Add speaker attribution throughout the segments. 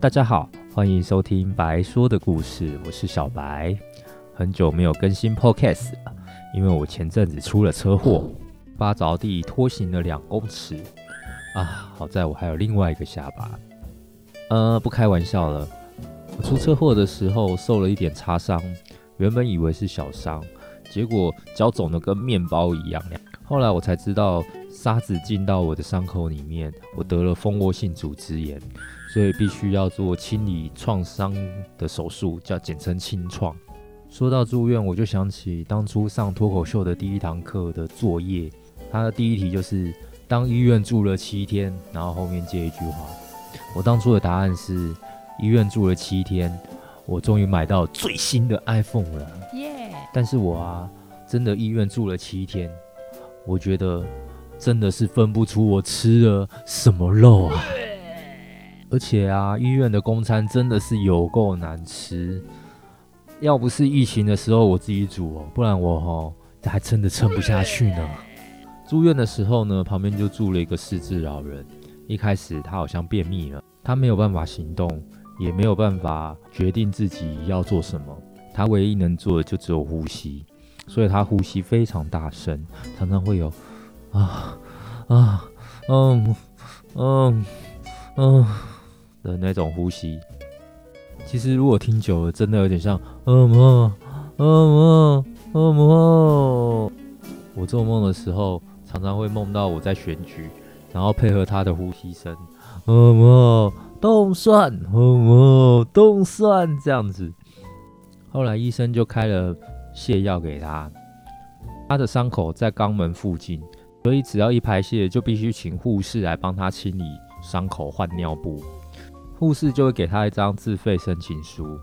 Speaker 1: 大家好，歡迎收聽白說的故事，我是小白。很久沒有更新 Podcast 了，因為我前陣子出了車禍，趴著地拖行了兩公尺。啊，好在我還有另外一個下巴。呃，不開玩笑了，我出車禍的時候受了一點擦傷，原本以為是小傷，結果腳腫得跟麵包一樣。後來我才知道，沙子進到我的傷口裡面，我得了蜂窩性組織炎，所以必須要做清理創傷的手術，叫簡稱清創。說到住院，我就想起當初上脫口秀的第一堂課的作業，它的第一題就是當醫院住了七天，然後後面接一句話。我當初的答案是醫院住了七天，我終於買到最新的 iPhone 了。耶！Yeah! 但是我啊，真的醫院住了七天。我覺得真的是分不出我吃了什麼肉啊！而且啊，醫院的公餐真的是有夠難吃。要不是疫情的時候我自己煮哦、喔，不然我這、喔、還真的撐不下去呢。住院的時候呢，旁邊就住了一個失智老人。一開始他好像便秘了，他沒有辦法行動，也沒有辦法決定自己要做什麼。他唯一能做的就只有呼吸。所以他呼吸非常大聲，常常會有啊啊，啊嗯嗯嗯的那種呼吸。其實如果聽久了，真的有點像噩夢噩夢噩夢。我做夢的時候，常常會夢到我在選舉，然後配合他的呼吸聲，噩、嗯、夢、嗯、凍蒜，噩、嗯、夢凍蒜這樣子。後來醫生就開了。瀉藥給他，他的傷口在肛門附近，所以只要一排泄，就必須請護士來幫他清理傷口、換尿布。護士就會給他一張自費申請書，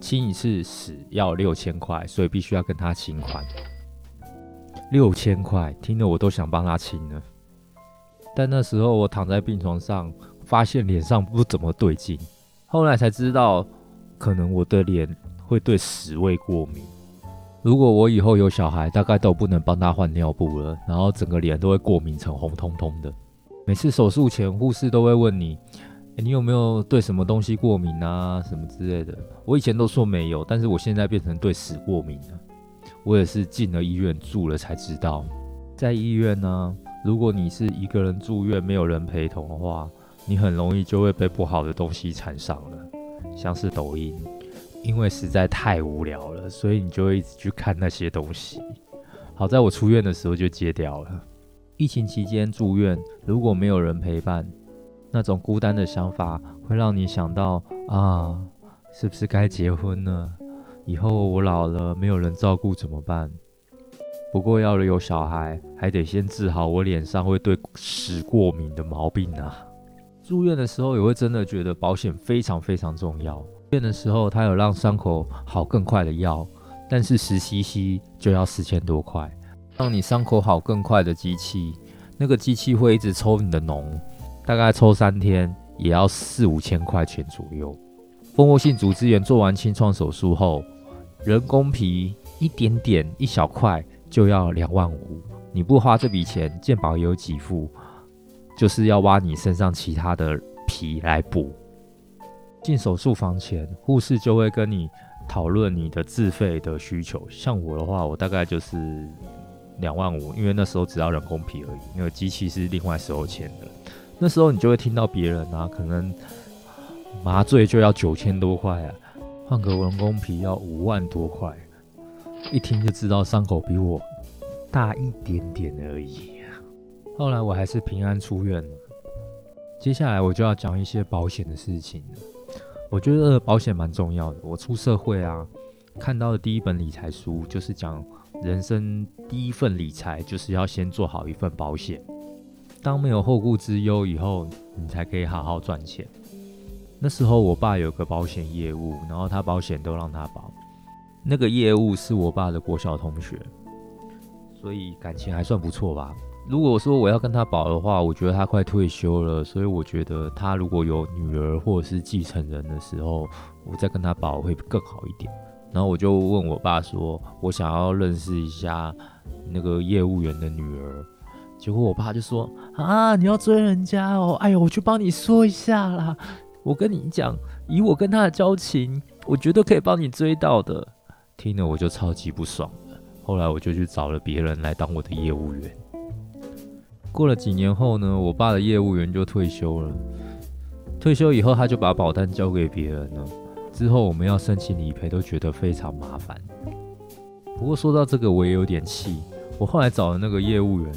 Speaker 1: 清一次屎要六千塊，所以必須要跟他清款。六千塊，聽得我都想幫他清了。但那時候我躺在病床上，發現臉上不怎麼對勁，後來才知道，可能我的臉會對屎味過敏。如果我以後有小孩，大概都不能幫他換尿布了，然後整個臉都會過敏成紅彤彤的。每次手術前，護士都會問你，你有沒有對什麼東西過敏啊，什麼之類的。我以前都說沒有，但是我現在變成對屎過敏了。我也是進了醫院住了才知道，在醫院呢、啊，如果你是一個人住院，沒有人陪同的話，你很容易就會被不好的東西纏上了，像是抖音。因為實在太無聊了，所以你就會一直去看那些東西。好在我出院的時候就戒掉了。疫情期間住院，如果沒有人陪伴，那種孤單的想法會讓你想到啊，是不是該結婚了？以後我老了，沒有人照顧怎麼辦？不過要了有小孩，還得先治好我臉上會對屎過敏的毛病啊。住院的時候也會真的覺得保險非常非常重要。變的時候，他有讓傷口好更快的藥，但是十 c.c. 就要四千多塊。讓你傷口好更快的機器，那個機器會一直抽你的膿，大概抽三天也要四五千塊錢左右。蜂窩性組織炎做完清創手術後，人工皮一點點一小塊就要兩萬五。你不花這筆錢，健保也有給付，就是要挖你身上其他的皮來補。進手術房前，護士就會跟你討論你的自費的需求。像我的話，我大概就是兩萬五，因為那時候只要人工皮而已，因為機器是另外收錢的。那時候你就會聽到別人啊，可能麻醉就要九千多塊啊，換個人工皮要五萬多塊，一聽就知道傷口比我大一點點而已啊。後來我還是平安出院了。接下來我就要講一些保險的事情了。我覺得保險蠻重要的。我出社會啊，看到的第一本理財書就是講，人生第一份理財就是要先做好一份保險。當沒有後顧之憂以後，你才可以好好賺錢。那時候我爸有個保險業務，然後他保險都讓他保。那個業務是我爸的國小同學，所以感情還算不錯吧。如果說我要跟他保的話，我覺得他快退休了，所以我覺得他如果有女兒或者是繼承人的時候，我再跟他保會更好一點。然後我就問我爸說：“我想要認識一下那個業務員的女兒。”結果我爸就說：“啊，你要追人家哦？哎呀，我去幫你說一下啦。我跟你講，以我跟他的交情，我絕對可以幫你追到的。”聽了我就超級不爽了。後來我就去找了別人來當我的業務員。過了幾年後呢，我爸的業務員就退休了。退休以後，他就把保單交給別人了。之後我們要申請理賠，都覺得非常麻煩。不過說到這個，我也有點氣。我後來找了那個業務員，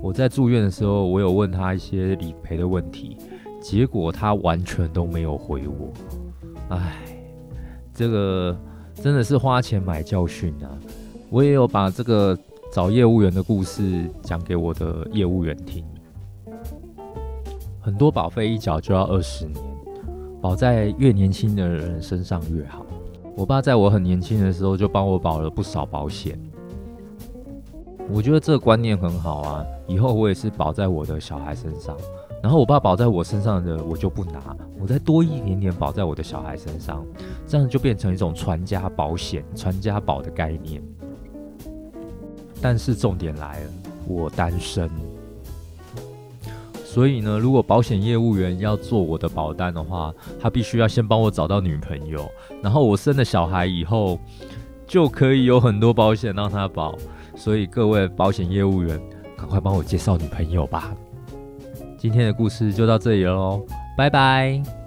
Speaker 1: 我在住院的時候，我有問他一些理賠的問題，結果他完全都沒有回我。唉，這個真的是花錢買教訓啊！我也有把這個。找業務員的故事，講給我的業務員聽。很多保費一繳就要二十年，保在越年輕的人身上越好。我爸在我很年輕的時候就幫我保了不少保險，我覺得這個觀念很好啊。以後我也是保在我的小孩身上，然後我爸保在我身上的，我就不拿，我再多一點點保在我的小孩身上，這樣就變成一種傳家保險、傳家寶的概念。但是重點來了，我單身，所以呢，如果保險業務員要做我的保單的話，他必須要先幫我找到女朋友，然後我生了小孩以後，就可以有很多保險讓他保。所以各位保險業務員，趕快幫我介紹女朋友吧！今天的故事就到這裡嘍，拜拜。